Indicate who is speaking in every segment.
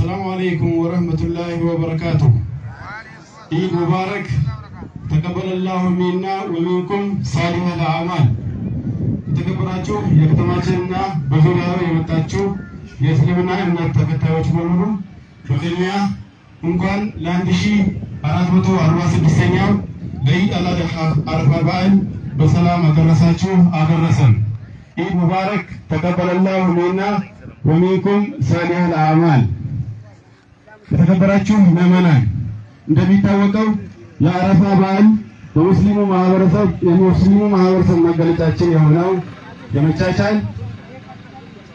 Speaker 1: አሰላሙ አለይኩም ወረህመቱላሂ ወበረካቱ። ኢድ ሙባረክ። ተቀበለላሁ ሚና ወሚንኩም ሳሊሐል አዕማል። የተከበራችሁ የከተማችንና በዙሪያው የመጣችሁ የእስልምና እምነት ተከታዮች በሙሉ በቅድሚያ እንኳን ለአንድ ሺህ አራት መቶ አርባ ስድስተኛው ለኢድ አል አድሃ አረፋ በዓል በሰላም አደረሳችሁ አደረሰን። ኢድ ሙባረክ። ተቀበለላሁ ሚና ወሚንኩም ሳሊሐል አዕማል የተከበራችሁ ምዕመናን፣ እንደሚታወቀው የአረፋ በዓል በሙስሊሙ ማህበረሰብ የሙስሊሙ ማህበረሰብ መገለጫችን የሆነው የመቻቻል፣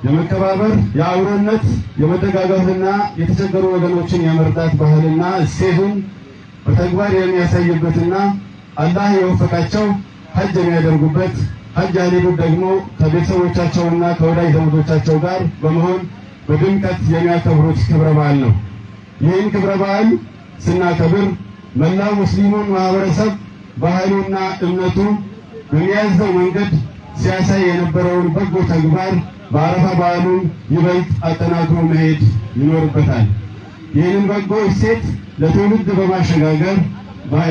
Speaker 1: የመከባበር፣ የአብሮነት፣ የመደጋገፍና የተቸገሩ ወገኖችን የመርዳት ባህልና እሴቱን በተግባር የሚያሳይበትና አላህ የወፈቃቸው ሀጅ የሚያደርጉበት ሀጅ ያሌሉት ደግሞ ከቤተሰቦቻቸውና ከወዳጅ ዘመዶቻቸው ጋር በመሆን በድምቀት የሚያከብሩት ክብረ በዓል ነው። ይህን ክብረ በዓል ስናከብር መላው ሙስሊሙን ማህበረሰብ ባህሉና እምነቱ በሚያዘው መንገድ ሲያሳይ የነበረውን በጎ ተግባር በአረፋ በዓሉን ይበልጥ አጠናክሮ መሄድ ይኖርበታል። ይህንን በጎ እሴት ለትውልድ በማሸጋገር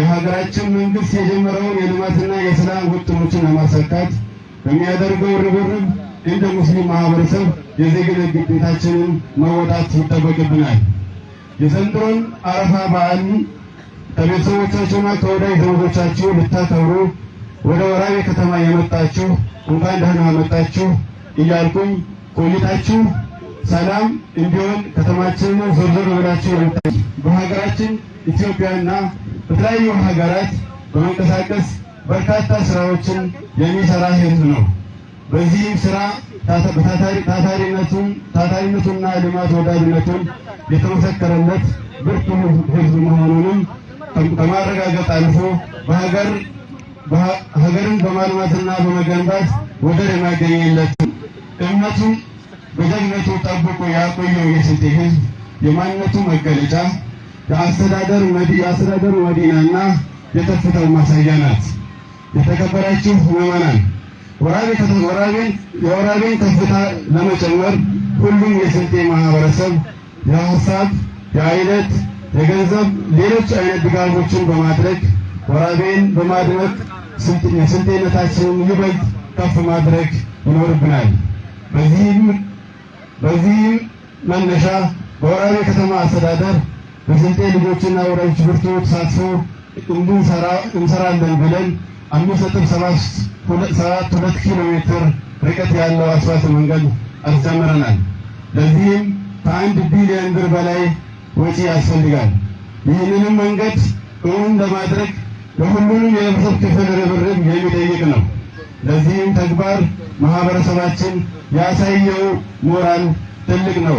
Speaker 1: የሀገራችን መንግስት የጀመረውን የልማትና የሰላም ውጥኖችን ለማሳካት በሚያደርገው ርብርብ እንደ ሙስሊም ማህበረሰብ የዜግነት ግዴታችንን መወጣት ይጠበቅብናል። የዘንድሮን አረፋ በዓል ከቤተሰቦቻችሁና ከወዳጅ ዘመዶቻችሁ ልታከብሩ ወደ ወራቤ ከተማ የመጣችሁ እንኳን ደህና መጣችሁ እያልኩኝ ቆይታችሁ ሰላም እንዲሆን ከተማችንን ዞርዞር ዞር ብላችሁ በሀገራችን ኢትዮጵያና በተለያዩ ሀገራት በመንቀሳቀስ በርካታ ስራዎችን የሚሰራ ህዝብ ነው። በዚህም ስራ ታታሪነቱና ልማት ወዳጅነቱን የተመሰከረለት ብርቱ ህዝብ መሆኑንም ከማረጋገጥ አልፎ ሀገርን በማልማትና በመገንባት ወደር የማገኘለት እምነቱን በጀግነቱ ጠብቆ ያቆየው የስልጤ ህዝብ የማንነቱ መገለጫ የአስተዳደር መዲናና የከፍታው ማሳያ ናት። የተከበራችሁ ምዕመናን የወራቤ ከፍታ ለመጨመር ሁሉም የስልጤ ማህበረሰብ የሀሳብ፣ የአይነት፣ የገንዘብ ሌሎች አይነት ድጋፎችን በማድረግ ወራቤን በማድረግ የስልጤነታችንን ይበልጥ ከፍ ማድረግ ይኖርብናል። በዚህም መነሻ በወራቤ ከተማ አስተዳደር በስልጤ ልጆችና ወላጆች ብርቱ ተሳትፎ እንድንሰራ እንሰራለን ብለን አምስት ነጥብ ሰባት ሁለት ኪሎ ሜትር ርቀት ያለው አስፋልት መንገድ አስጀምረናል። ለዚህም ከአንድ ቢሊዮን ብር በላይ ወጪ ያስፈልጋል። ይህንንም መንገድ እውን ለማድረግ የሁሉንም የህብረተሰብ ክፍል ርብርብ የሚጠይቅ ነው። ለዚህም ተግባር ማህበረሰባችን ያሳየው ሞራል ትልቅ ነው።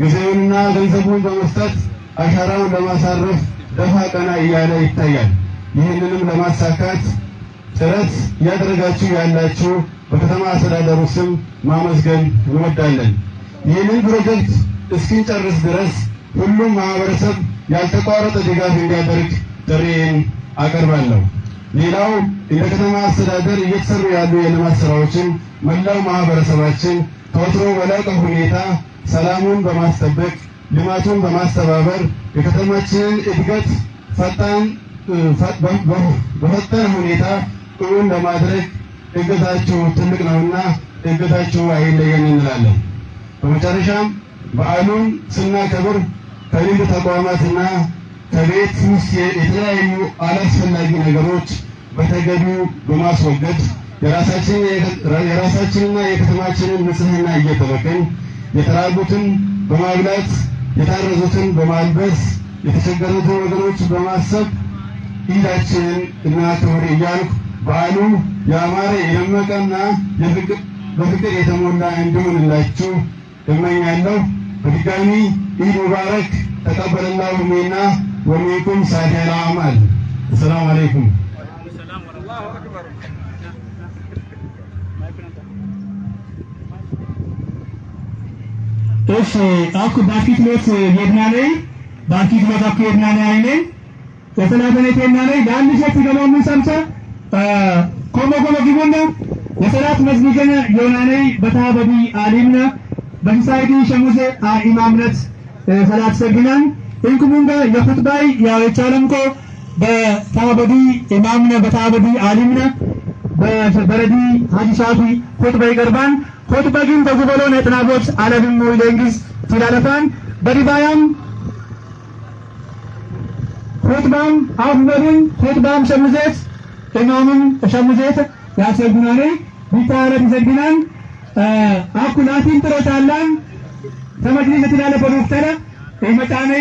Speaker 1: ጊዜውንና ገንዘቡን በመስጠት አሻራውን ለማሳረፍ ደፋ ቀና እያለ ይታያል። ይህንንም ለማሳካት ጥረት እያደረጋችሁ ያላችሁ በከተማ አስተዳደሩ ስም ማመስገን እንወዳለን። ይህንን ፕሮጀክት እስኪንጨርስ ድረስ ሁሉም ማህበረሰብ ያልተቋረጠ ድጋፍ እንዲያደርግ ጥሪዬን አቀርባለሁ። ሌላው እንደ ከተማ አስተዳደር እየተሰሩ ያሉ የልማት ስራዎችን መላው ማህበረሰባችን ከወትሮ በላቀ ሁኔታ ሰላሙን በማስጠበቅ ልማቱን በማስተባበር የከተማችንን እድገት ፈጣን በፈጠነ ሁኔታ እውን ለማድረግ እገዛችሁ ትልቅ ነውና እገዛችሁ አይለየን እንላለን። በመጨረሻም በዓሉን ስናከብር ከንግድ ተቋማትና ከቤት ውስጥ የተለያዩ አላስፈላጊ ነገሮች በተገቢው በማስወገድ የራሳችንና የከተማችንን ንጽሕና እየጠበቅን የተራቡትን በማብላት የታረዙትን በማልበስ የተቸገሩትን ወገኖች በማሰብ እህታችንን እናት ሆይ እያልኩ በዓሉ ያማረ የደመቀና በፍቅር የተሞላ እንዲሆንላችሁ እመኛለሁ። በድጋሚ ኢድ ሙባረክ። ተቀበለላሁ ሚና ወሚንኩም ሳኢር አማል አሰላሙ አለይኩም። እሺ አኩ ባፊት ሞት የድናኔ ባፊት ሞት አኩ የድናኔ አይኔ የሰላተኔቴና ላይ ለአንድ ሸት ገባሙ ሰምሰ ኮሞ ኮሞ ጊቡና የሰላት መዝሚገነ የሆናነይ በታበቢ አሊምና በሂሳይዲ ሸሙዘ ኢማምነት ሰላት ሰግናን እንኩሙንጋ የኹጥባይ ያቻለምኮ በታበቢ ኢማምነ በታበቢ አሊምነ በረዲ ሀጂ ሻፊ ኹጥባ ይቀርባን ኹጥባ ግን ተጉበሎ ነጥናቦች አለብሞ ለእንግዝ ትላለፋን በሪባያም ሆትባም አፍመዱን ሆትባም ሸምዜት ቅኛምን ሸምዜት ያሰግናኔ ቢታረት ይሰግናን አኩላቲን ጥረት አላን ተመግኒ ተትላለ በዶክተረ ይመጣኔ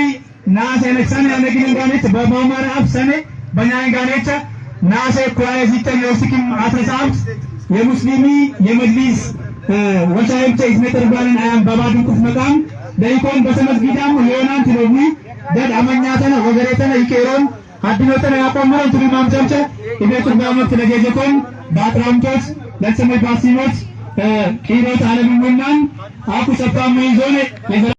Speaker 1: ናሰ ነክሳኔ ያነግን ጋኔት በማማራ አብሰኔ በኛን ጋኔት ናሰ ኩራይ ዚተን የውስኪም አትረሳብት የሙስሊሚ የመድሊስ የመጅሊስ ወሻይብቸ ይዝነጠርባንን አያም በባድን ቁፍ መቃም ደይኮን በሰመስጊዳም ሊዮናን ትሎኒ በዳመኛተነ ወገሬተነ ይቄሮን አድኖተነ ያቆምረን ትሪ ማምጨምጨ ኢቤት ርጋመት ለጌጀቆን በአጥራምቶት ለሰሜ ባሲኖት ቂሮት አለምሙናን አኩ ሰፋሙ ይዞኔ